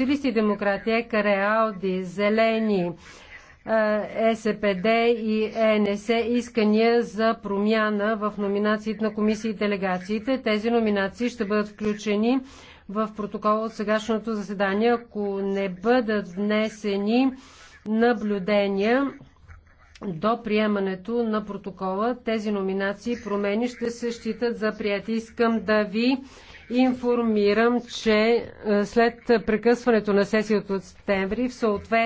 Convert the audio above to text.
социалисти и демократи, ЕКРЕ, Ауди, Зелени, е СПД и ЕНС искания за промяна в номинациите на комисии и делегациите. Тези номинации ще бъдат включени в протокол от сегашното заседание, ако не бъдат внесени наблюдения до приемането на протокола. Тези номинации и промени ще се считат за прияти. Искам да ви информирам, че е, след прекъсването на сесията от септември в съответствие